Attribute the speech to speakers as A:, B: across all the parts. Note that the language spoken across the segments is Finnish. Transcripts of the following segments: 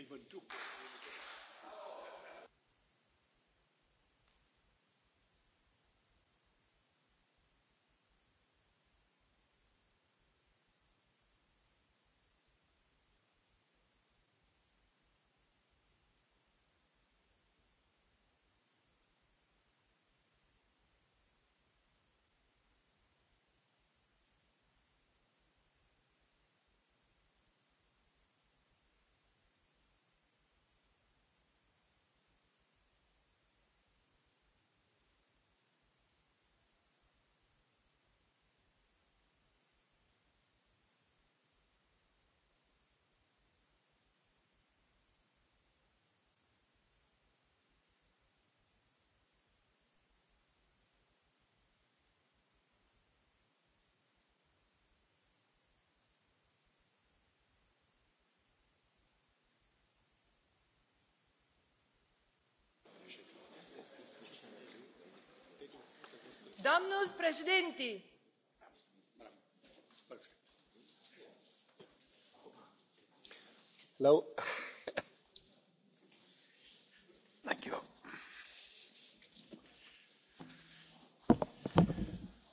A: ik ben toe. Domnul președinte!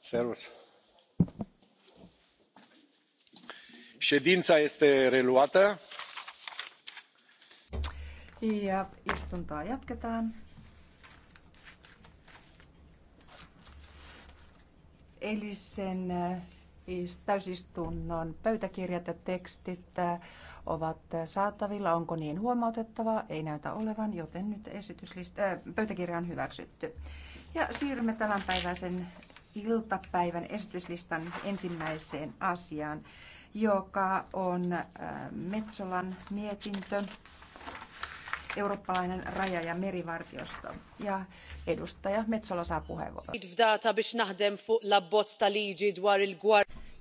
A: Servus. Ședința este reluată.
B: istuntoa jatketaan. Eilisen äh, täysistunnon pöytäkirjat ja tekstit äh, ovat äh, saatavilla. Onko niin huomautettavaa? Ei näytä olevan, joten nyt esityslista, pöytäkirja on hyväksytty. Ja siirrymme päiväisen iltapäivän esityslistan ensimmäiseen asiaan, joka on Metsolan mietintö eurooppalainen raja- ja merivartiosto. Ja edustaja Metsola saa puheenvuoron.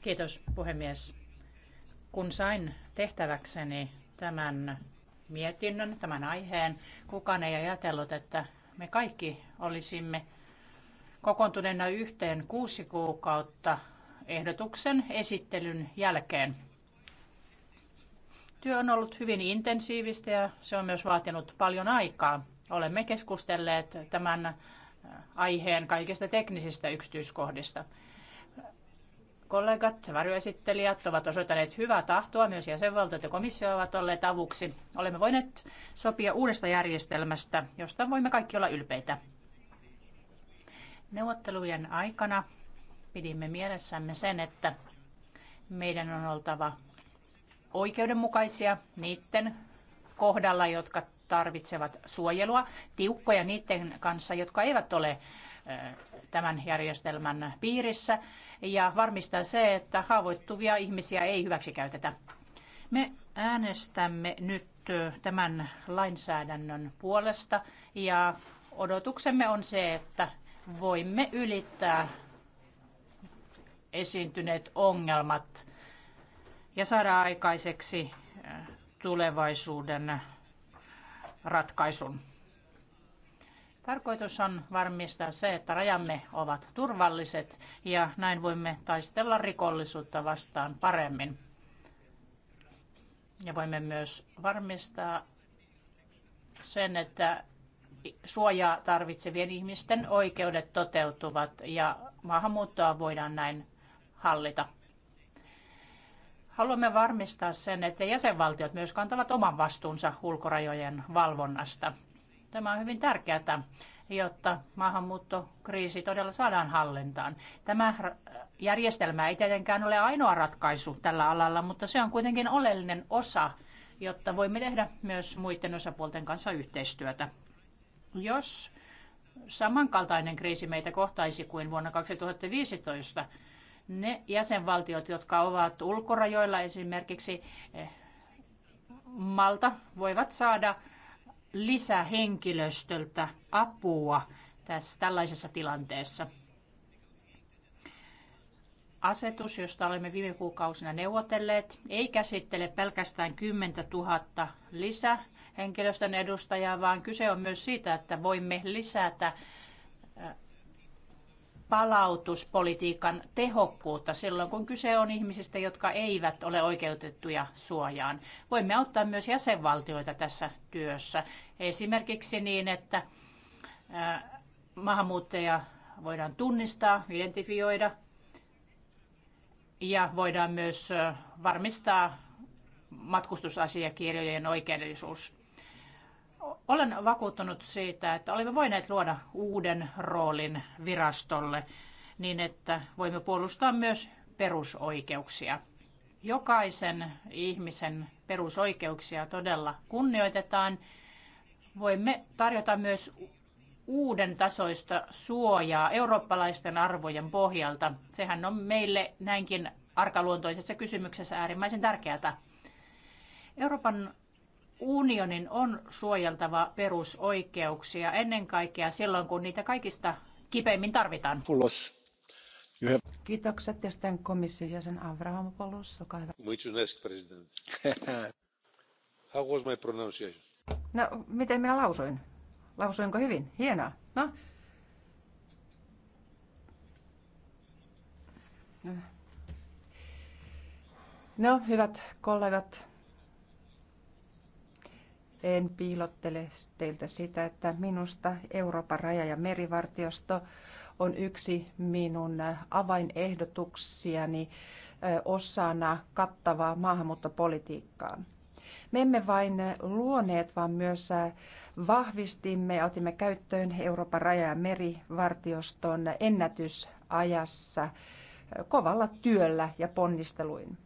C: Kiitos puhemies. Kun sain tehtäväkseni tämän mietinnön, tämän aiheen, kukaan ei ajatellut, että me kaikki olisimme kokoontuneena yhteen kuusi kuukautta ehdotuksen esittelyn jälkeen. Työ on ollut hyvin intensiivistä ja se on myös vaatinut paljon aikaa. Olemme keskustelleet tämän äh, aiheen kaikista teknisistä yksityiskohdista. Kollegat, varjoesittelijät ovat osoittaneet hyvää tahtoa, myös jäsenvaltiot ja komissio ovat olleet avuksi. Olemme voineet sopia uudesta järjestelmästä, josta voimme kaikki olla ylpeitä. Neuvottelujen aikana pidimme mielessämme sen, että meidän on oltava oikeudenmukaisia niiden kohdalla, jotka tarvitsevat suojelua, tiukkoja niiden kanssa, jotka eivät ole tämän järjestelmän piirissä ja varmistaa se, että haavoittuvia ihmisiä ei hyväksikäytetä. Me äänestämme nyt tämän lainsäädännön puolesta ja odotuksemme on se, että voimme ylittää esiintyneet ongelmat ja saada aikaiseksi tulevaisuuden ratkaisun. Tarkoitus on varmistaa se, että rajamme ovat turvalliset ja näin voimme taistella rikollisuutta vastaan paremmin. Ja voimme myös varmistaa sen, että suojaa tarvitsevien ihmisten oikeudet toteutuvat ja maahanmuuttoa voidaan näin hallita. Haluamme varmistaa sen, että jäsenvaltiot myös kantavat oman vastuunsa ulkorajojen valvonnasta. Tämä on hyvin tärkeää, jotta maahanmuuttokriisi todella saadaan hallintaan. Tämä järjestelmä ei tietenkään ole ainoa ratkaisu tällä alalla, mutta se on kuitenkin oleellinen osa, jotta voimme tehdä myös muiden osapuolten kanssa yhteistyötä. Jos samankaltainen kriisi meitä kohtaisi kuin vuonna 2015, ne jäsenvaltiot, jotka ovat ulkorajoilla, esimerkiksi eh, Malta, voivat saada lisähenkilöstöltä apua tässä tällaisessa tilanteessa. Asetus, josta olemme viime kuukausina neuvotelleet, ei käsittele pelkästään 10 000 lisähenkilöstön edustajaa, vaan kyse on myös siitä, että voimme lisätä palautuspolitiikan tehokkuutta silloin, kun kyse on ihmisistä, jotka eivät ole oikeutettuja suojaan. Voimme auttaa myös jäsenvaltioita tässä työssä. Esimerkiksi niin, että maahanmuuttaja voidaan tunnistaa, identifioida ja voidaan myös varmistaa matkustusasiakirjojen oikeellisuus olen vakuuttunut siitä, että olemme voineet luoda uuden roolin virastolle niin, että voimme puolustaa myös perusoikeuksia. Jokaisen ihmisen perusoikeuksia todella kunnioitetaan. Voimme tarjota myös uuden tasoista suojaa eurooppalaisten arvojen pohjalta. Sehän on meille näinkin arkaluontoisessa kysymyksessä äärimmäisen tärkeää. Euroopan unionin on suojeltava perusoikeuksia ennen kaikkea silloin, kun niitä kaikista kipeimmin tarvitaan.
A: Pulos. Have...
C: Kiitokset ja sitten komission jäsen Avramopoulos, olkaa hyvä.
A: Muistunesk, president. How was my pronunciation?
B: No, miten minä lausuin? Lausuinko hyvin? Hienoa. No. No, hyvät kollegat, en piilottele teiltä sitä, että minusta Euroopan raja- ja merivartiosto on yksi minun avainehdotuksiani osana kattavaa maahanmuuttopolitiikkaa. Me emme vain luoneet, vaan myös vahvistimme ja otimme käyttöön Euroopan raja- ja merivartioston ennätysajassa kovalla työllä ja ponnisteluin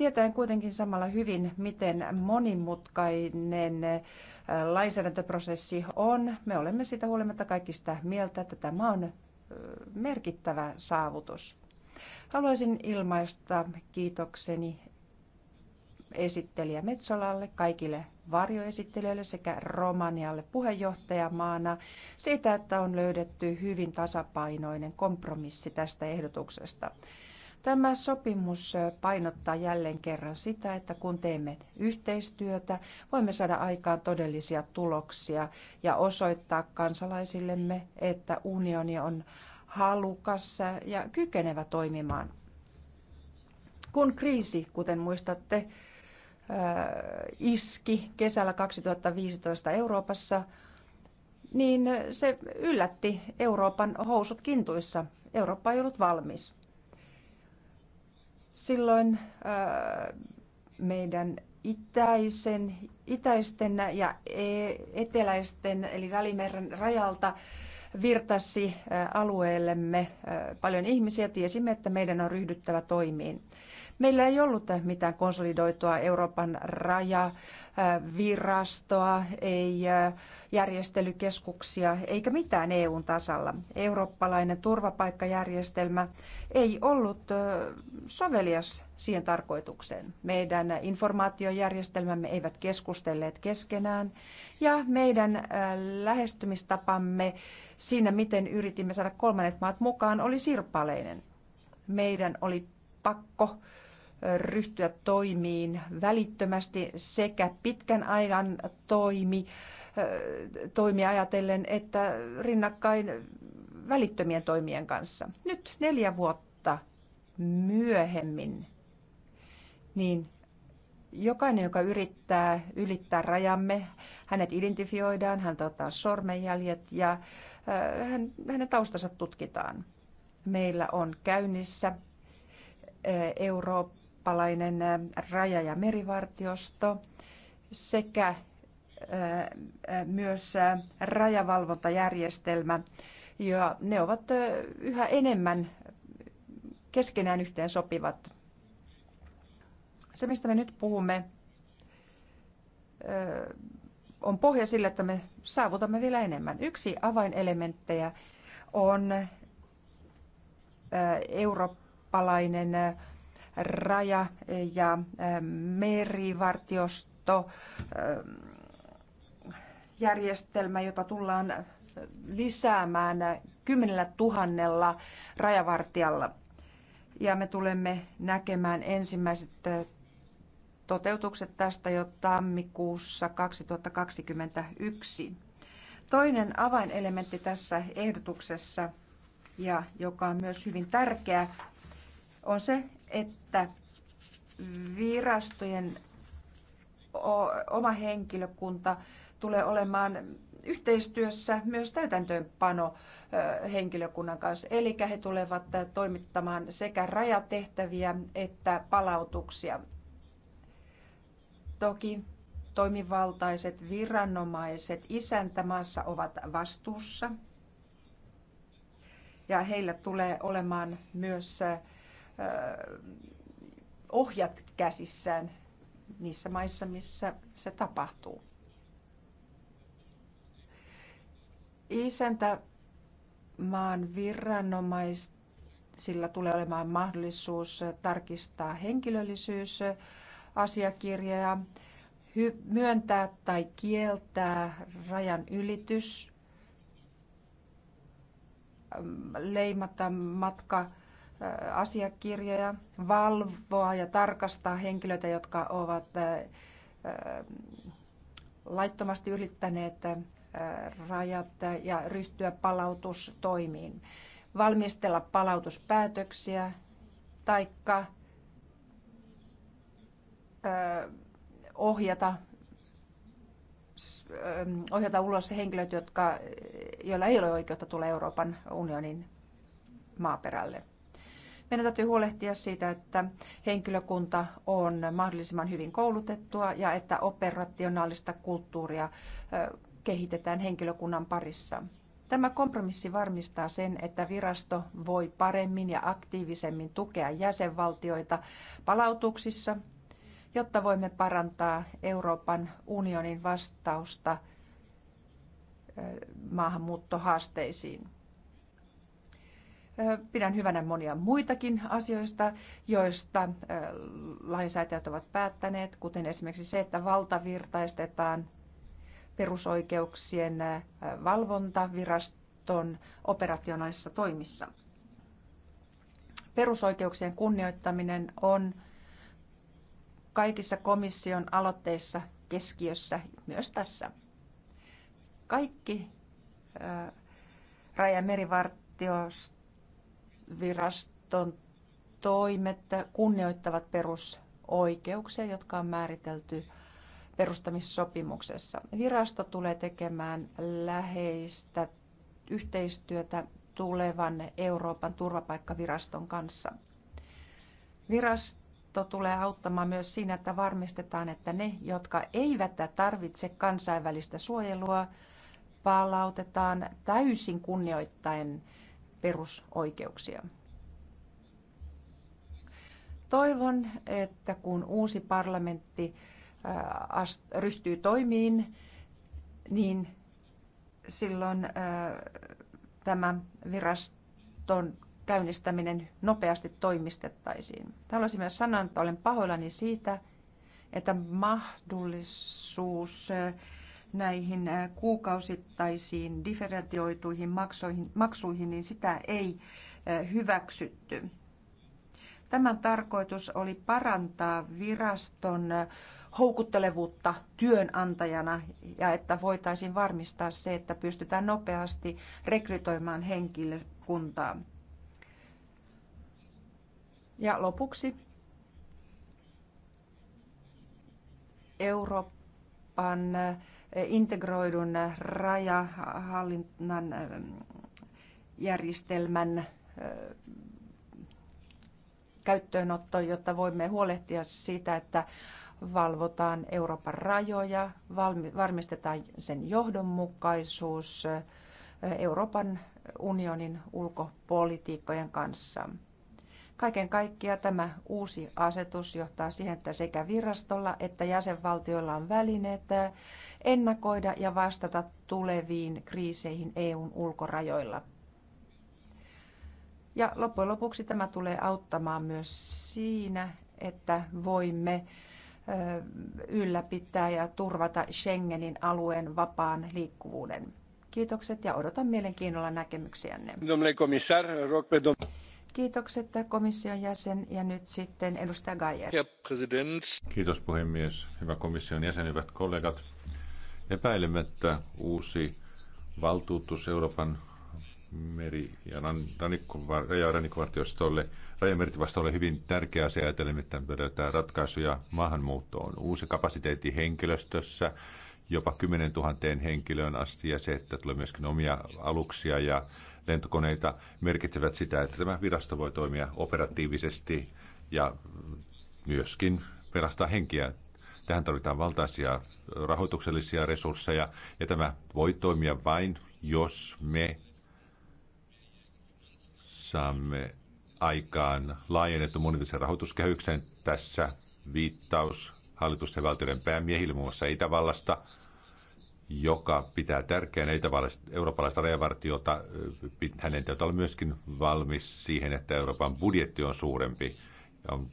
B: tietäen kuitenkin samalla hyvin, miten monimutkainen äh, lainsäädäntöprosessi on. Me olemme siitä huolimatta kaikista mieltä, että tämä on äh, merkittävä saavutus. Haluaisin ilmaista kiitokseni esittelijä Metsolalle, kaikille varjoesittelijöille sekä Romanialle puheenjohtajamaana siitä, että on löydetty hyvin tasapainoinen kompromissi tästä ehdotuksesta. Tämä sopimus painottaa jälleen kerran sitä, että kun teemme yhteistyötä, voimme saada aikaan todellisia tuloksia ja osoittaa kansalaisillemme, että unioni on halukas ja kykenevä toimimaan. Kun kriisi, kuten muistatte, äh, iski kesällä 2015 Euroopassa, niin se yllätti Euroopan housut kintuissa. Eurooppa ei ollut valmis. Silloin äh, meidän itäisen, itäisten ja e-, eteläisten eli Välimeren rajalta virtasi äh, alueellemme äh, paljon ihmisiä. Tiesimme, että meidän on ryhdyttävä toimiin. Meillä ei ollut mitään konsolidoitua Euroopan raja virastoa, ei järjestelykeskuksia eikä mitään EUn tasalla. Eurooppalainen turvapaikkajärjestelmä ei ollut sovelias siihen tarkoitukseen. Meidän informaatiojärjestelmämme eivät keskustelleet keskenään ja meidän lähestymistapamme siinä, miten yritimme saada kolmannet maat mukaan, oli sirpaleinen. Meidän oli pakko ryhtyä toimiin välittömästi sekä pitkän ajan toimi, toimia ajatellen että rinnakkain välittömien toimien kanssa. Nyt neljä vuotta myöhemmin, niin jokainen, joka yrittää ylittää rajamme, hänet identifioidaan, hän otetaan sormenjäljet ja hänen taustansa tutkitaan. Meillä on käynnissä Eurooppa eurooppalainen raja- ja merivartiosto sekä myös rajavalvontajärjestelmä. Ja ne ovat yhä enemmän keskenään yhteen sopivat. Se, mistä me nyt puhumme, on pohja sille, että me saavutamme vielä enemmän. Yksi avainelementtejä on eurooppalainen raja- ja eh, merivartiosto eh, järjestelmä, jota tullaan lisäämään kymmenellä tuhannella rajavartijalla. Ja me tulemme näkemään ensimmäiset eh, toteutukset tästä jo tammikuussa 2021. Toinen avainelementti tässä ehdotuksessa, ja joka on myös hyvin tärkeä, on se, että virastojen oma henkilökunta tulee olemaan yhteistyössä myös täytäntöönpano henkilökunnan kanssa. Eli he tulevat toimittamaan sekä rajatehtäviä että palautuksia. Toki toimivaltaiset viranomaiset isäntämaassa ovat vastuussa ja heillä tulee olemaan myös ohjat käsissään niissä maissa, missä se tapahtuu. Isäntä maan viranomaisilla tulee olemaan mahdollisuus tarkistaa henkilöllisyys asiakirjaa, myöntää tai kieltää rajan ylitys, mm, leimata matka asiakirjoja, valvoa ja tarkastaa henkilöitä, jotka ovat laittomasti ylittäneet rajat ja ryhtyä palautustoimiin, valmistella palautuspäätöksiä tai ohjata ohjata ulos henkilöt, jotka, joilla ei ole oikeutta tulla Euroopan unionin maaperälle. Meidän täytyy huolehtia siitä, että henkilökunta on mahdollisimman hyvin koulutettua ja että operationaalista kulttuuria kehitetään henkilökunnan parissa. Tämä kompromissi varmistaa sen, että virasto voi paremmin ja aktiivisemmin tukea jäsenvaltioita palautuksissa, jotta voimme parantaa Euroopan unionin vastausta maahanmuuttohaasteisiin. Pidän hyvänä monia muitakin asioista, joista lainsäätäjät ovat päättäneet, kuten esimerkiksi se, että valtavirtaistetaan perusoikeuksien valvontaviraston operationaalisissa toimissa. Perusoikeuksien kunnioittaminen on kaikissa komission aloitteissa keskiössä, myös tässä. Kaikki raja- ja merivartiosta viraston toimet kunnioittavat perusoikeuksia, jotka on määritelty perustamissopimuksessa. Virasto tulee tekemään läheistä yhteistyötä tulevan Euroopan turvapaikkaviraston kanssa. Virasto tulee auttamaan myös siinä, että varmistetaan, että ne, jotka eivät tarvitse kansainvälistä suojelua, palautetaan täysin kunnioittaen perusoikeuksia. Toivon, että kun uusi parlamentti äh, ryhtyy toimiin, niin silloin äh, tämä viraston käynnistäminen nopeasti toimistettaisiin. Haluaisin myös sanoa, että olen pahoillani siitä, että mahdollisuus äh, näihin äh, kuukausittaisiin differentioituihin maksoihin, maksuihin, niin sitä ei äh, hyväksytty. Tämän tarkoitus oli parantaa viraston äh, houkuttelevuutta työnantajana ja että voitaisiin varmistaa se, että pystytään nopeasti rekrytoimaan henkilökuntaa. Ja lopuksi Euroopan Eh, integroidun rajahallinnan eh, järjestelmän eh, käyttöönotto, jotta voimme huolehtia siitä, että valvotaan Euroopan rajoja, varmistetaan sen johdonmukaisuus Euroopan unionin ulkopolitiikkojen kanssa. Kaiken kaikkiaan tämä uusi asetus johtaa siihen, että sekä virastolla että jäsenvaltioilla on välineet eh, ennakoida ja vastata tuleviin kriiseihin EUn ulkorajoilla. Ja loppujen lopuksi tämä tulee auttamaan myös siinä, että voimme eh, ylläpitää ja turvata Schengenin alueen vapaan liikkuvuuden. Kiitokset ja odotan mielenkiinnolla näkemyksiänne.
A: Domnule komissar, rog pe dom-
B: Kiitokset äh, komission jäsen ja nyt sitten edustaja Gajer.
A: Kiitos puhemies, hyvä komission jäsen, hyvät kollegat. Epäilemättä uusi valtuutus Euroopan meri- ja rannikkovartiostolle, rajamertivastolle hyvin tärkeä asia ajatellen, että löydetään ratkaisuja maahanmuuttoon. Uusi kapasiteetti henkilöstössä, jopa 10 000 henkilöön asti ja se, että tulee myöskin omia aluksia ja lentokoneita merkitsevät sitä, että tämä virasto voi toimia operatiivisesti ja myöskin pelastaa henkiä. Tähän tarvitaan valtaisia rahoituksellisia resursseja ja tämä voi toimia vain, jos me saamme aikaan laajennettu monivisen rahoituskehyksen. Tässä viittaus hallitusten valtioiden päämiehille muun muassa Itävallasta – joka pitää tärkeänä eurooppalaista rajavartiota. Hänen täytyy olla myöskin valmis siihen, että Euroopan budjetti on suurempi ja on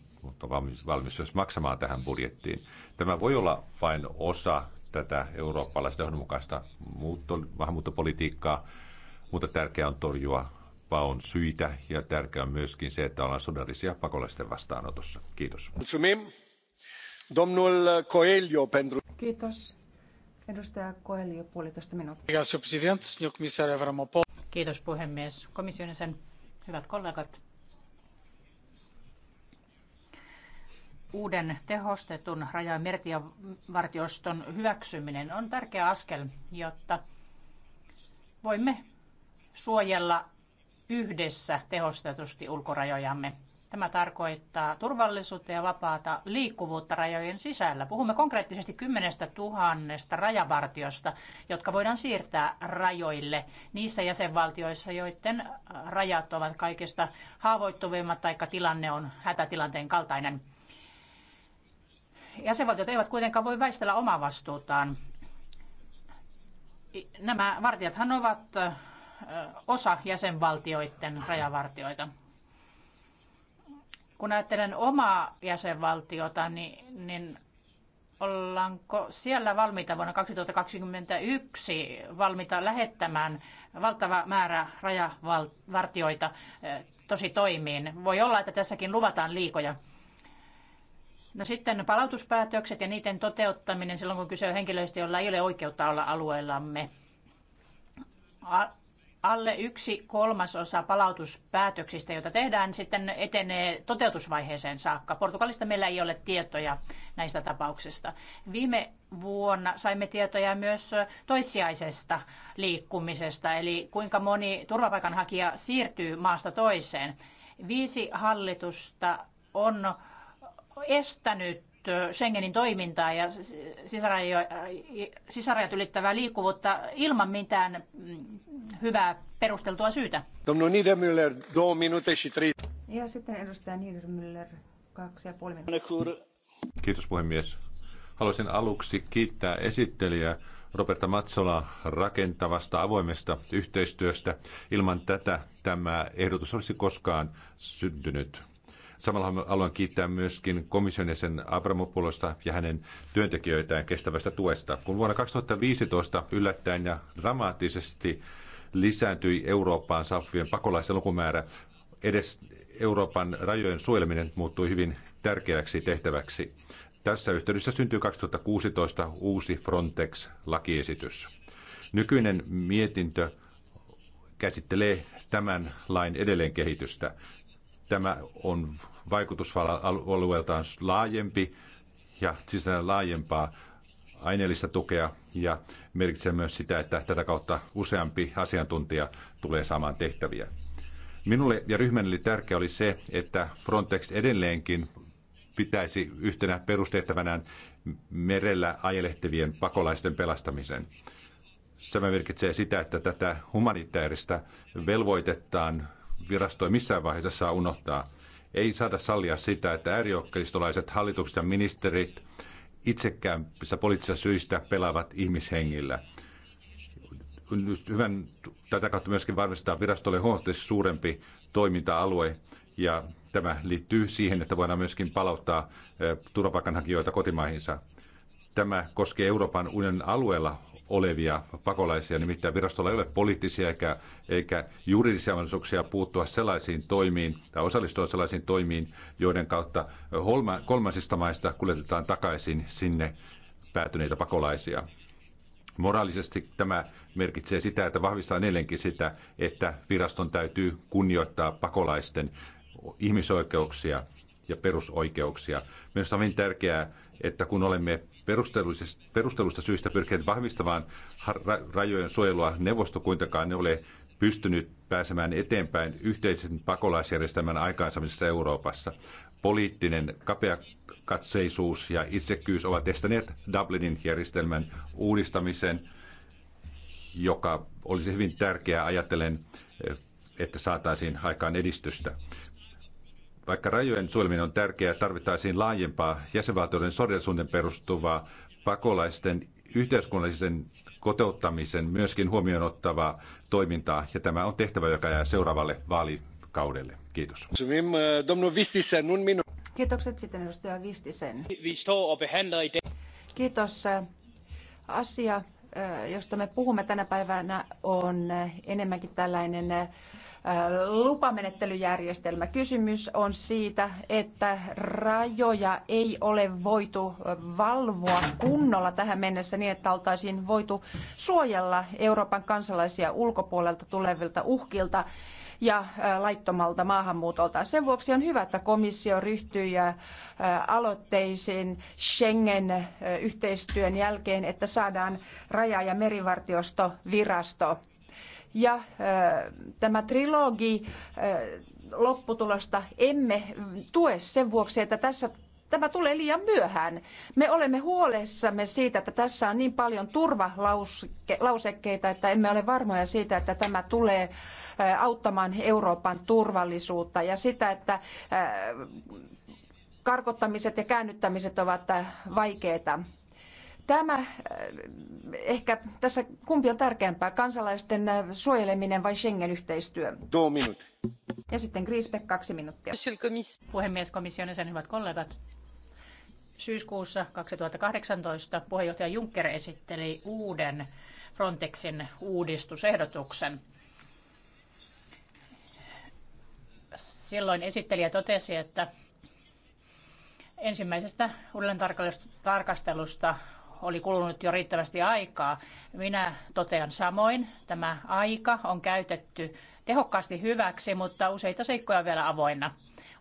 A: valmis, valmis myös maksamaan tähän budjettiin. Tämä voi olla vain osa tätä eurooppalaista johdonmukaista maahanmuuttopolitiikkaa, mutta tärkeää on torjua paon syitä ja tärkeää on myöskin se, että ollaan sodallisia pakolaisten vastaanotossa. Kiitos. Kiitos.
C: Edustaja puolitoista minuuttia. Kiitos puhemies. Komission jäsen, hyvät kollegat. Uuden tehostetun raja- ja merivartioston hyväksyminen on tärkeä askel, jotta voimme suojella yhdessä tehostetusti ulkorajojamme. Tämä tarkoittaa turvallisuutta ja vapaata liikkuvuutta rajojen sisällä. Puhumme konkreettisesti kymmenestä tuhannesta rajavartiosta, jotka voidaan siirtää rajoille niissä jäsenvaltioissa, joiden rajat ovat kaikista haavoittuvimmat tai tilanne on hätätilanteen kaltainen. Jäsenvaltiot eivät kuitenkaan voi väistellä omaa vastuutaan. Nämä vartijathan ovat osa jäsenvaltioiden rajavartioita. Kun ajattelen omaa jäsenvaltiota, niin, niin ollaanko siellä valmiita vuonna 2021 valmiita lähettämään valtava määrä rajavartioita eh, tosi toimiin? Voi olla, että tässäkin luvataan liikoja. No sitten palautuspäätökset ja niiden toteuttaminen silloin, kun kyse on henkilöistä, joilla ei ole oikeutta olla alueellamme alle yksi kolmasosa palautuspäätöksistä, joita tehdään, sitten etenee toteutusvaiheeseen saakka. Portugalista meillä ei ole tietoja näistä tapauksista. Viime vuonna saimme tietoja myös toissijaisesta liikkumisesta, eli kuinka moni turvapaikanhakija siirtyy maasta toiseen. Viisi hallitusta on estänyt Schengenin toimintaa ja sisärajat ylittävää liikkuvuutta ilman mitään mm, hyvää perusteltua syytä. Ja sitten
B: edustaja Niedermüller, kaksi ja puoli minuuttia.
A: Kiitos puhemies. Haluaisin aluksi kiittää esittelijää Roberta Matsola rakentavasta avoimesta yhteistyöstä. Ilman tätä tämä ehdotus olisi koskaan syntynyt. Samalla haluan kiittää myöskin komission jäsen Abramopulosta ja hänen työntekijöitään kestävästä tuesta. Kun vuonna 2015 yllättäen ja dramaattisesti lisääntyi Eurooppaan saapuvien pakolaisten lukumäärä, edes Euroopan rajojen suojeleminen muuttui hyvin tärkeäksi tehtäväksi. Tässä yhteydessä syntyi 2016 uusi Frontex-lakiesitys. Nykyinen mietintö käsittelee tämän lain edelleenkehitystä. Tämä on vaikutusalueeltaan laajempi ja sisällä laajempaa aineellista tukea ja merkitsee myös sitä, että tätä kautta useampi asiantuntija tulee saamaan tehtäviä. Minulle ja ryhmälle tärkeää oli se, että Frontex edelleenkin pitäisi yhtenä perustehtävänään merellä ajelehtivien pakolaisten pelastamisen. Tämä merkitsee sitä, että tätä humanitaarista velvoitettaan Virasto ei missään vaiheessa saa unohtaa. Ei saada sallia sitä, että äärioikeistolaiset hallitukset ja ministerit itsekäämpissä poliittisista syistä pelaavat ihmishengillä. Hyvän, tätä kautta myöskin varmistaa virastolle huomattavasti suurempi toiminta-alue ja tämä liittyy siihen, että voidaan myöskin palauttaa turvapaikanhakijoita kotimaihinsa. Tämä koskee Euroopan unionin alueella olevia pakolaisia. Nimittäin virastolla ei ole poliittisia eikä, eikä juridisia mahdollisuuksia puuttua sellaisiin toimiin tai osallistua sellaisiin toimiin, joiden kautta holma, kolmansista maista kuljetetaan takaisin sinne päätyneitä pakolaisia. Moraalisesti tämä merkitsee sitä, että vahvistaa edelleenkin sitä, että viraston täytyy kunnioittaa pakolaisten ihmisoikeuksia ja perusoikeuksia. Minusta on hyvin tärkeää, että kun olemme Perustelusta syistä pyrkineet vahvistamaan rajojen suojelua. Neuvosto kuitenkaan ne ole pystynyt pääsemään eteenpäin yhteisen pakolaisjärjestelmän aikaansaamisessa Euroopassa. Poliittinen kapeakatseisuus ja itsekkyys ovat estäneet Dublinin järjestelmän uudistamisen, joka olisi hyvin tärkeää ajatellen, eh, että saataisiin aikaan edistystä. Vaikka rajojen suojeleminen on tärkeää, tarvittaisiin laajempaa jäsenvaltioiden sodellisuuden perustuvaa pakolaisten yhteiskunnallisen kotouttamisen myöskin huomioon ottavaa toimintaa, ja tämä on tehtävä, joka jää seuraavalle vaalikaudelle. Kiitos. Eh,
B: Kiitokset sitten edustaja Vistisen. Kiitos. Asia, eh, josta me puhumme tänä päivänä, on eh, enemmänkin tällainen lupamenettelyjärjestelmä. Kysymys on siitä, että rajoja ei ole voitu valvoa kunnolla tähän mennessä niin, että oltaisiin voitu suojella Euroopan kansalaisia ulkopuolelta tulevilta uhkilta ja laittomalta maahanmuutolta. Sen vuoksi on hyvä, että komissio ryhtyy aloitteisiin Schengen-yhteistyön jälkeen, että saadaan raja- ja merivartiostovirasto ja tämä trilogi lopputulosta emme tue sen vuoksi, että tässä tämä tulee liian myöhään. Me olemme huolessamme siitä, että tässä on niin paljon turvalausekkeita, että emme ole varmoja siitä, että tämä tulee auttamaan Euroopan turvallisuutta ja sitä, että karkottamiset ja käännyttämiset ovat vaikeita. Tämä äh, ehkä tässä kumpi on tärkeämpää, kansalaisten äh,
C: suojeleminen vai Schengen-yhteistyö? Ja sitten Griesbeck, kaksi minuuttia. Puhemies, komission jäsen, hyvät kollegat. Syyskuussa 2018 puheenjohtaja Juncker esitteli uuden Frontexin uudistusehdotuksen. Silloin esittelijä totesi, että ensimmäisestä uudelleen tarkastelusta oli kulunut jo riittävästi aikaa. Minä totean samoin, tämä aika on käytetty tehokkaasti hyväksi, mutta useita seikkoja on vielä avoinna.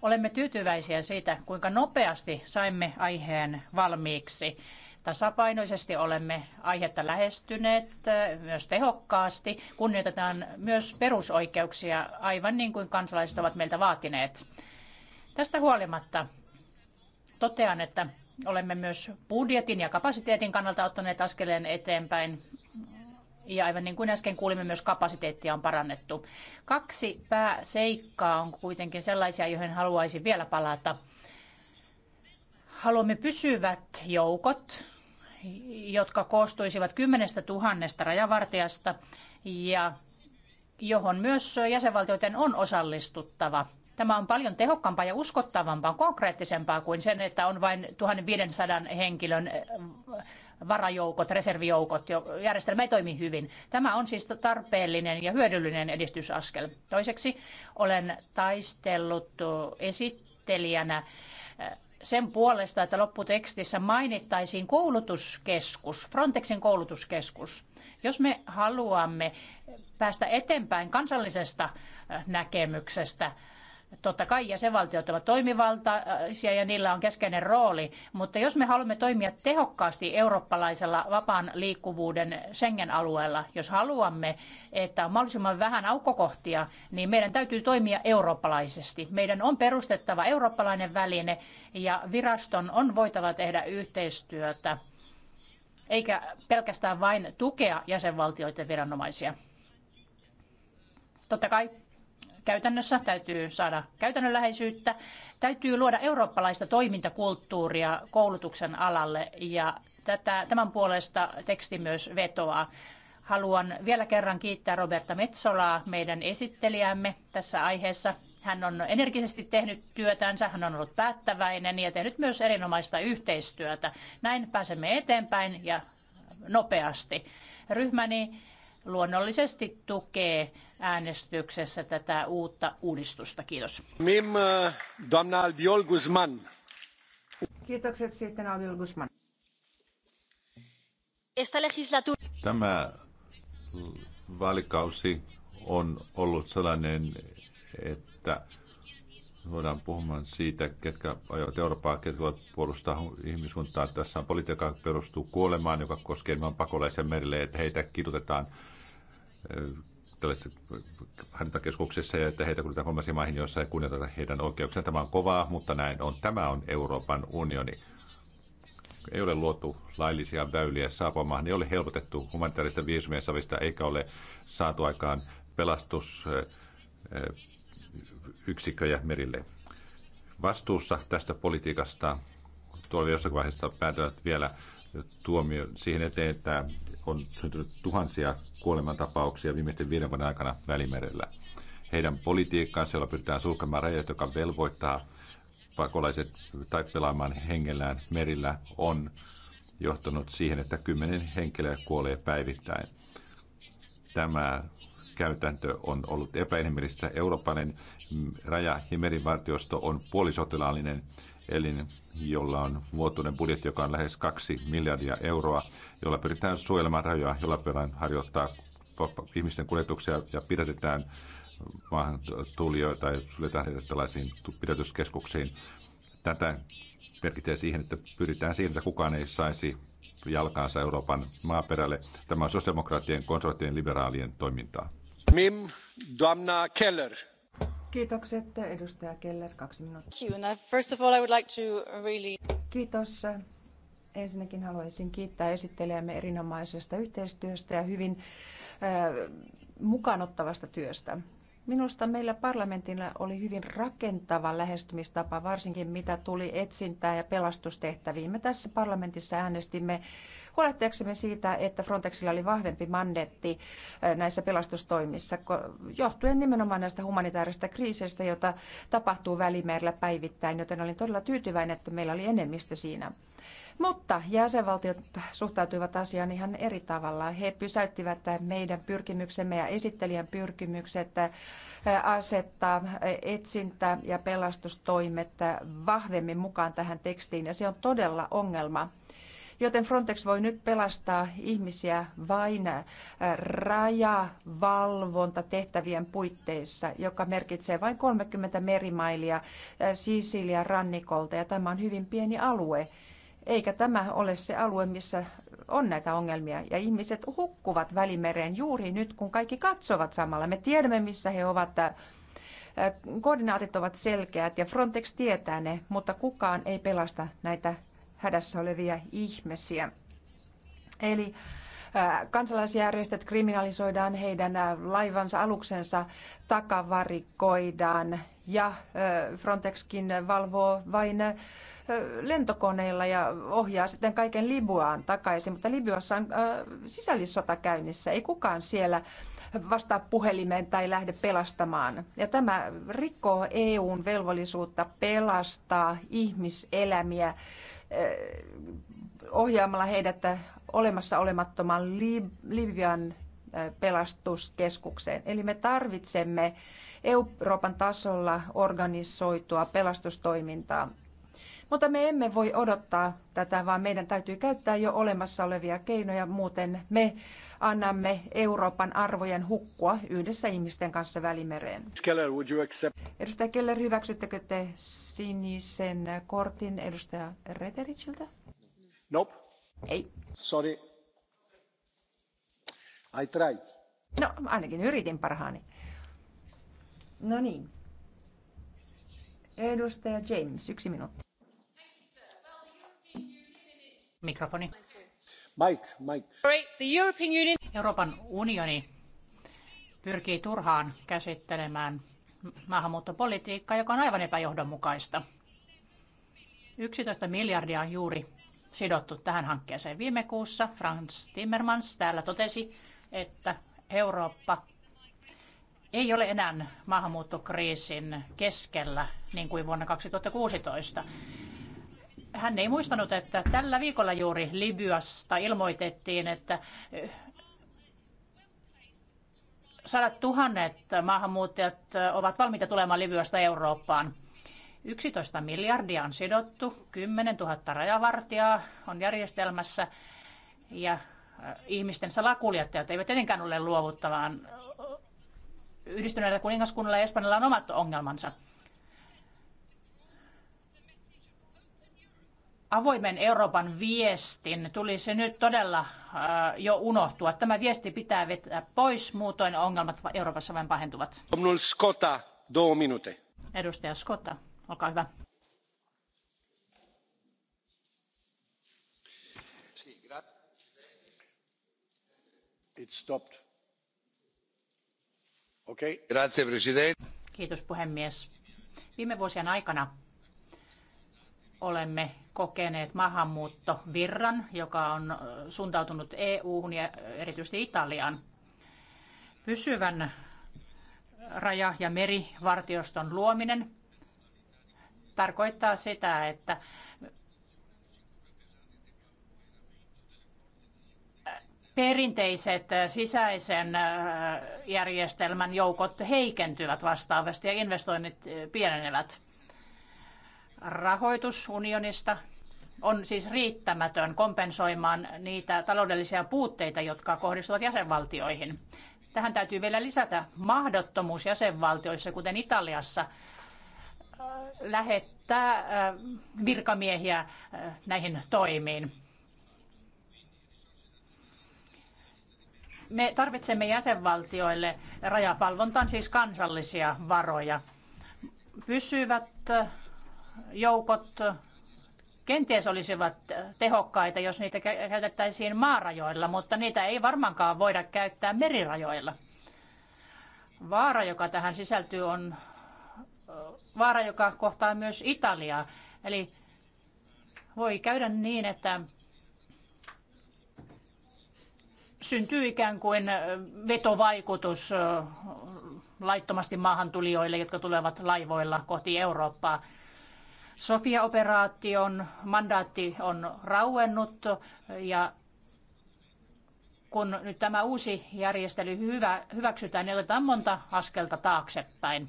C: Olemme tyytyväisiä siitä, kuinka nopeasti saimme aiheen valmiiksi. Tasapainoisesti olemme aihetta lähestyneet äh, myös tehokkaasti. Kunnioitetaan myös perusoikeuksia, aivan niin kuin kansalaiset ovat meiltä vaatineet. Tästä huolimatta totean, että Olemme myös budjetin ja kapasiteetin kannalta ottaneet askeleen eteenpäin. Ja aivan niin kuin äsken kuulimme, myös kapasiteettia on parannettu. Kaksi pääseikkaa on kuitenkin sellaisia, joihin haluaisin vielä palata. Haluamme pysyvät joukot, jotka koostuisivat kymmenestä tuhannesta rajavartijasta ja johon myös jäsenvaltioiden on osallistuttava – Tämä on paljon tehokkaampaa ja uskottavampaa, konkreettisempaa kuin sen, että on vain 1500 henkilön eh, varajoukot, reservijoukot, järjestelmä ei toimi hyvin. Tämä on siis tarpeellinen ja hyödyllinen edistysaskel. Toiseksi olen taistellut eh, esittelijänä eh, sen puolesta, että lopputekstissä mainittaisiin koulutuskeskus, Frontexin koulutuskeskus. Jos me haluamme päästä eteenpäin kansallisesta näkemyksestä, Totta kai jäsenvaltiot ovat toimivaltaisia ja niillä on keskeinen rooli, mutta jos me haluamme toimia tehokkaasti eurooppalaisella vapaan liikkuvuuden Schengen-alueella, jos haluamme, että on mahdollisimman vähän aukkokohtia, niin meidän täytyy toimia eurooppalaisesti. Meidän on perustettava eurooppalainen väline ja viraston on voitava tehdä yhteistyötä, eikä pelkästään vain tukea jäsenvaltioiden viranomaisia. Totta kai Käytännössä täytyy saada käytännönläheisyyttä, täytyy luoda eurooppalaista toimintakulttuuria koulutuksen alalle ja tätä, tämän puolesta teksti myös vetoaa. Haluan vielä kerran kiittää Roberta Metsolaa, meidän esittelijämme tässä aiheessa. Hän on energisesti tehnyt työtänsä, hän on ollut päättäväinen ja tehnyt myös erinomaista yhteistyötä. Näin pääsemme eteenpäin ja nopeasti. Ryhmäni luonnollisesti tukee äänestyksessä tätä uutta uudistusta. Kiitos.
A: Mim, eh, Albiol Guzman.
B: Kiitokset sitten Albiol Guzman.
A: Tämä vaalikausi on ollut sellainen, että voidaan puhumaan siitä, ketkä ajavat Eurooppaa, ketkä voivat puolustaa ihmiskuntaa. Tässä on politiikka, joka perustuu kuolemaan, joka koskee ilman pakolaisia merille, että heitä kidutetaan tällaisissa hankintakeskuksissa ja että heitä kuljetaan kolmansiin maihin, joissa ei kunnioiteta heidän oikeuksiaan. Tämä on kovaa, mutta näin on. Tämä on Euroopan unioni. Ei ole luotu laillisia väyliä saapumaan, ei ole helpotettu humanitaarista viisumia savista, eikä ole saatu aikaan pelastusyksikköjä eh, merille. Vastuussa tästä politiikasta tuolla jossakin vaiheessa päätyvät vielä tuomio siihen eteen, että on syntynyt tuhansia kuolemantapauksia viimeisten viiden vuoden aikana Välimerellä. Heidän politiikkaansa, jolla pyritään sulkemaan rajat, joka velvoittaa pakolaiset tai pelaamaan hengellään merillä, on johtanut siihen, että kymmenen henkilöä kuolee päivittäin. Tämä käytäntö on ollut epäinhimillistä. Euroopan raja- ja merivartiosto on puolisotilaallinen elin, jolla on vuotuinen budjetti, joka on lähes 2 miljardia euroa, jolla pyritään suojelemaan rajoja, jolla pyritään harjoittaa ihmisten kuljetuksia ja pidätetään maahan tulijoita ja suljetaan erilaisiin tällaisiin pidätyskeskuksiin. Tätä merkitsee siihen, että pyritään siihen, että kukaan ei saisi jalkaansa Euroopan maaperälle. Tämä on sosiaalidemokraattien, konservatiivien liberaalien toimintaa. Mim, Keller
B: Kiitokset. Edustaja Keller, kaksi minuuttia. Uh, first of all, I would like to really... Kiitos. Ensinnäkin haluaisin kiittää esittelijämme erinomaisesta yhteistyöstä ja hyvin äh, mukanottavasta työstä. Minusta meillä parlamentilla oli hyvin rakentava lähestymistapa, varsinkin mitä tuli etsintää ja pelastustehtäviin. Me tässä parlamentissa äänestimme huolehtiaksemme siitä, että Frontexilla oli vahvempi mandetti näissä pelastustoimissa, johtuen nimenomaan näistä humanitaarista kriiseistä, jota tapahtuu välimerellä päivittäin, joten olin todella tyytyväinen, että meillä oli enemmistö siinä. Mutta jäsenvaltiot suhtautuivat asiaan ihan eri tavalla. He pysäyttivät meidän pyrkimyksemme ja esittelijän pyrkimykset asettaa etsintä- ja pelastustoimet vahvemmin mukaan tähän tekstiin, ja se on todella ongelma joten Frontex voi nyt pelastaa ihmisiä vain äh, rajavalvontatehtävien puitteissa, joka merkitsee vain 30 merimailia äh, Sisilian rannikolta, ja tämä on hyvin pieni alue. Eikä tämä ole se alue, missä on näitä ongelmia. Ja ihmiset hukkuvat välimereen juuri nyt, kun kaikki katsovat samalla. Me tiedämme, missä he ovat äh, koordinaatit ovat selkeät ja Frontex tietää ne, mutta kukaan ei pelasta näitä hädässä olevia ihmisiä. Eli kansalaisjärjestöt kriminalisoidaan, heidän laivansa aluksensa takavarikoidaan ja Frontexkin valvoo vain lentokoneilla ja ohjaa sitten kaiken Libuaan takaisin, mutta Libyassa on sisällissota käynnissä, ei kukaan siellä vastaa puhelimeen tai lähde pelastamaan. Ja tämä rikkoo EUn velvollisuutta pelastaa ihmiselämiä Eh, ohjaamalla heidät olemassa olemattoman Libian eh, pelastuskeskukseen. Eli me tarvitsemme Euroopan tasolla organisoitua pelastustoimintaa. Mutta me emme voi odottaa tätä, vaan meidän täytyy käyttää jo olemassa olevia keinoja, muuten me annamme Euroopan arvojen hukkua yhdessä ihmisten kanssa Välimereen.
A: Keller, would you accept?
B: Edustaja Keller, hyväksyttekö te sinisen kortin edustaja Retericiltä?
A: Nope. Ei. Sorry. I tried. No,
B: ainakin yritin parhaani. No niin. Edustaja
C: James, yksi minuutti. Mikrofoni. Mike, Mike. Euroopan unioni pyrkii turhaan käsittelemään maahanmuuttopolitiikkaa, joka on aivan epäjohdonmukaista. 11 miljardia on juuri sidottu tähän hankkeeseen. Viime kuussa Franz Timmermans täällä totesi, että Eurooppa ei ole enää maahanmuuttokriisin keskellä, niin kuin vuonna 2016. Hän ei muistanut, että tällä viikolla juuri Libyasta ilmoitettiin, että eh, sadat tuhannet maahanmuuttajat eh, ovat valmiita tulemaan Libyasta Eurooppaan. 11 miljardia on sidottu, 10 000 rajavartijaa on järjestelmässä ja eh, ihmisten salakuljettajat eivät tietenkään ole luovuttamaan. Yhdistyneellä kuningaskunnalla ja Espanjalla on omat ongelmansa. avoimen Euroopan viestin tulisi nyt todella äh, jo unohtua. Tämä viesti pitää vetää pois, muutoin ongelmat Euroopassa vain pahentuvat.
A: Skota,
C: Edustaja Skota, olkaa hyvä. Okay. Kiitos puhemies. Viime vuosien aikana olemme kokeneet maahanmuuttovirran, joka on suuntautunut EU-hun ja erityisesti Italiaan. Pysyvän raja- ja merivartioston luominen tarkoittaa sitä, että perinteiset sisäisen järjestelmän joukot heikentyvät vastaavasti ja investoinnit pienenevät rahoitus unionista on siis riittämätön kompensoimaan niitä taloudellisia puutteita, jotka kohdistuvat jäsenvaltioihin. Tähän täytyy vielä lisätä mahdottomuus jäsenvaltioissa, kuten Italiassa, lähettää äh, virkamiehiä äh, näihin toimiin. Me tarvitsemme jäsenvaltioille rajavalvontaan siis kansallisia varoja. Pysyvät äh, joukot kenties olisivat tehokkaita, jos niitä käytettäisiin maarajoilla, mutta niitä ei varmaankaan voida käyttää merirajoilla. Vaara, joka tähän sisältyy, on vaara, joka kohtaa myös Italiaa. Eli voi käydä niin, että syntyy ikään kuin vetovaikutus laittomasti maahantulijoille, jotka tulevat laivoilla kohti Eurooppaa. Sofia-operaation mandaatti on rauennut ja kun nyt tämä uusi järjestely hyvä, hyväksytään, niin otetaan monta askelta taaksepäin.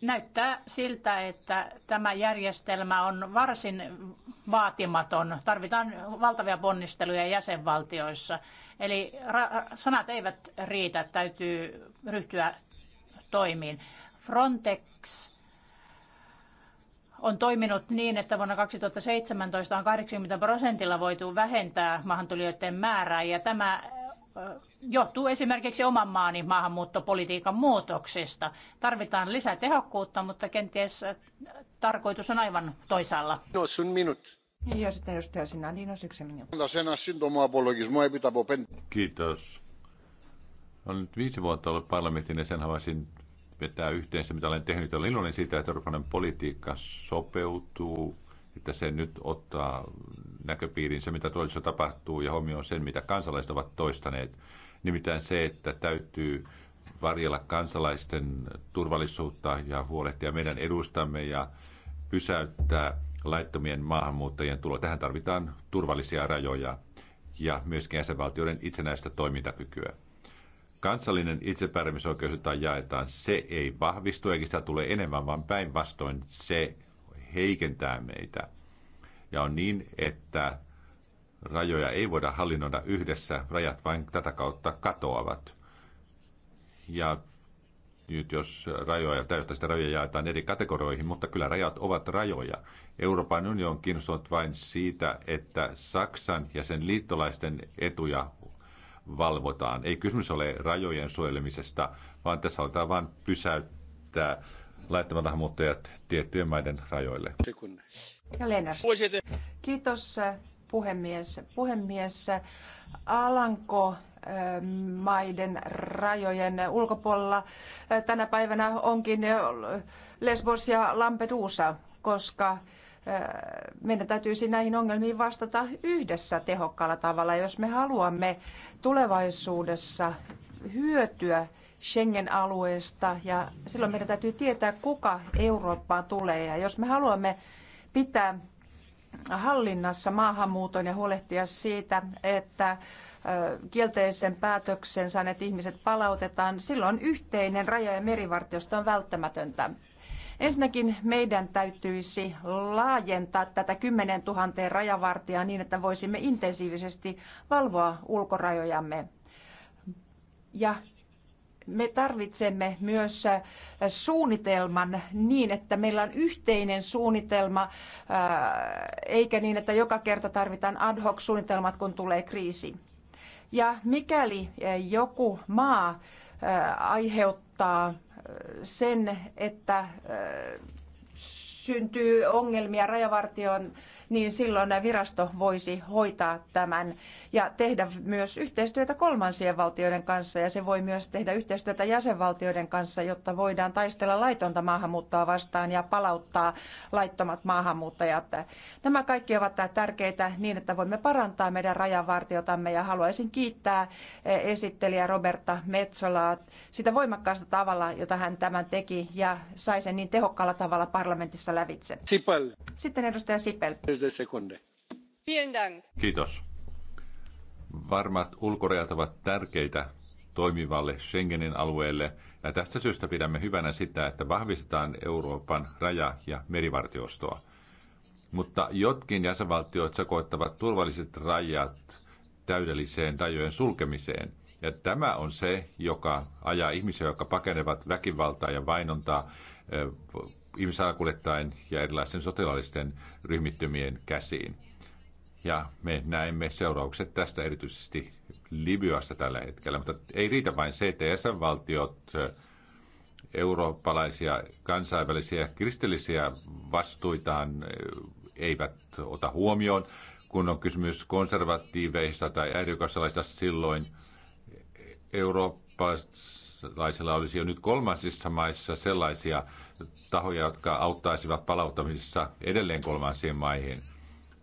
C: Näyttää siltä, että tämä järjestelmä on varsin vaatimaton. Tarvitaan valtavia ponnisteluja jäsenvaltioissa. Eli sanat eivät riitä, täytyy ryhtyä toimiin. Frontex on toiminut niin, että vuonna 2017 on 80 prosentilla voitu vähentää maahantulijoiden määrää ja tämä johtuu esimerkiksi oman maani maahanmuuttopolitiikan muutoksesta. Tarvitaan lisää tehokkuutta, mutta kenties tarkoitus on aivan toisaalla.
A: No, sun minut.
C: Ja sitten edustaja Sinadinos, yksi minuutti.
A: Kiitos. Olen nyt viisi vuotta ollut parlamentin ja sen havaisin vetää yhteen se, mitä olen tehnyt. Olen iloinen siitä, että Euroopan politiikka sopeutuu, että se nyt ottaa näköpiiriin se, mitä toisessa tapahtuu, ja huomioon sen, mitä kansalaiset ovat toistaneet. Nimittäin se, että täytyy varjella kansalaisten turvallisuutta ja huolehtia meidän edustamme ja pysäyttää laittomien maahanmuuttajien tulo. Tähän tarvitaan turvallisia rajoja ja myöskin jäsenvaltioiden itsenäistä toimintakykyä kansallinen itsepärjäämisoikeus, jota jaetaan, se ei vahvistu eikä sitä tule enemmän, vaan päinvastoin se heikentää meitä. Ja on niin, että rajoja ei voida hallinnoida yhdessä, rajat vain tätä kautta katoavat. Ja nyt jos rajoja, sitä rajoja jaetaan eri kategorioihin, mutta kyllä rajat ovat rajoja. Euroopan unioni on kiinnostunut vain siitä, että Saksan ja sen liittolaisten etuja valvotaan. Ei kysymys ole rajojen suojelemisesta, vaan tässä halutaan vain pysäyttää laittamaan maahanmuuttajat tiettyjen maiden rajoille.
B: Ja Lennart. Kiitos puhemies. Puhemies, Alanko ähm, maiden rajojen ulkopuolella äh, tänä päivänä onkin äh, Lesbos ja Lampedusa, koska meidän täytyisi siis näihin ongelmiin vastata yhdessä tehokkaalla tavalla, jos me haluamme tulevaisuudessa hyötyä Schengen-alueesta ja silloin meidän täytyy tietää, kuka Eurooppaan tulee. Ja jos me haluamme pitää hallinnassa maahanmuuton ja huolehtia siitä, että kielteisen päätöksen saaneet ihmiset palautetaan, silloin yhteinen raja- ja merivartiosto on välttämätöntä. Ensinnäkin meidän täytyisi laajentaa tätä 10 000 rajavartijaa niin, että voisimme intensiivisesti valvoa ulkorajojamme. Ja me tarvitsemme myös äh, suunnitelman niin, että meillä on yhteinen suunnitelma, äh, eikä niin, että joka kerta tarvitaan ad hoc suunnitelmat, kun tulee kriisi. Ja mikäli äh, joku maa aiheuttaa aiheuttaa sen, että syntyy ongelmia rajavartion niin silloin virasto voisi hoitaa tämän ja tehdä myös yhteistyötä kolmansien valtioiden kanssa ja se voi myös tehdä yhteistyötä jäsenvaltioiden kanssa, jotta voidaan taistella laitonta maahanmuuttoa vastaan ja palauttaa laittomat maahanmuuttajat. Nämä kaikki ovat tärkeitä niin, että voimme parantaa meidän rajavartiotamme ja haluaisin kiittää e, esittelijä Roberta Metsolaa sitä voimakkaasta tavalla, jota hän tämän teki ja sai sen niin tehokkaalla tavalla parlamentissa lävitse. Sipel. Sitten edustaja Sipel.
A: Kiitos. Varmat ulkorajat ovat tärkeitä toimivalle Schengenin alueelle, ja tästä syystä pidämme hyvänä sitä, että vahvistetaan Euroopan raja- ja merivartiostoa. Mutta jotkin jäsenvaltiot sekoittavat turvalliset rajat täydelliseen rajojen sulkemiseen. Ja tämä on se, joka ajaa ihmisiä, jotka pakenevat väkivaltaa ja vainontaa eh, ihmisalakuljettajien ja erilaisten sotilaallisten ryhmittymien käsiin. Ja me näemme seuraukset tästä erityisesti Libyassa tällä hetkellä, mutta ei riitä vain se, että jäsenvaltiot eurooppalaisia kansainvälisiä kristillisiä vastuitaan eivät ota huomioon, kun on kysymys konservatiiveista tai ääriokassalaisista silloin eurooppalaisilla olisi jo nyt kolmansissa maissa sellaisia tahoja, jotka auttaisivat palauttamisessa edelleen kolmansiin maihin.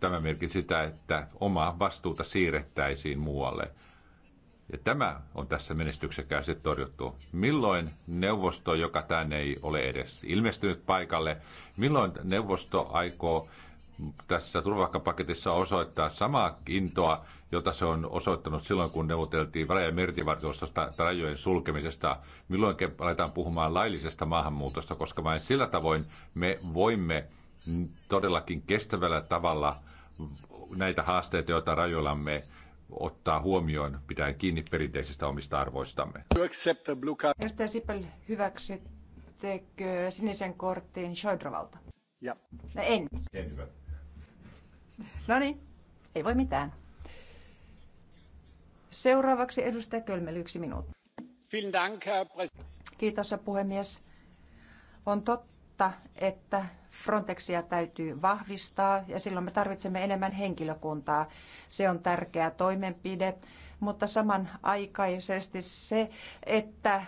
A: Tämä merkitsi sitä, että omaa vastuuta siirrettäisiin muualle. Ja tämä on tässä menestyksekkäästi torjuttu. Milloin neuvosto, joka tänne ei ole edes ilmestynyt paikalle, milloin neuvosto aikoo tässä turvapaikkapaketissa osoittaa samaa intoa jota se on osoittanut silloin, kun neuvoteltiin väliä- ja merkivartiostosta rajojen sulkemisesta. Milloin aletaan puhumaan laillisesta maahanmuutosta, koska vain sillä tavoin me voimme todellakin kestävällä tavalla näitä haasteita, joita rajoillamme ottaa huomioon, pitää kiinni perinteisistä omista arvoistamme. Edustaja
B: Sipel, hyväksyttekö sinisen kortin Shoidrovalta? Ja. No en. En hyvä. No niin, ei voi mitään. Seuraavaksi edustaja Kölmel, yksi minuutti. Kiitos puhemies. On totta, että Frontexia täytyy vahvistaa ja silloin me tarvitsemme enemmän henkilökuntaa. Se on tärkeä toimenpide, mutta samanaikaisesti se, että äh,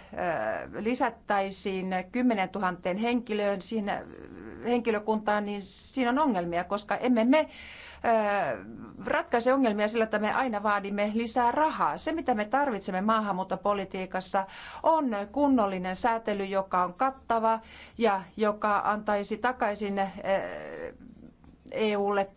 B: lisättäisiin 10 000 henkilöön siinä äh, henkilökuntaan, niin siinä on ongelmia, koska emme me ratkaise ongelmia sillä, että me aina vaadimme lisää rahaa. Se, mitä me tarvitsemme maahanmuuttopolitiikassa, on kunnollinen säätely, joka on kattava ja joka antaisi takaisin EUlle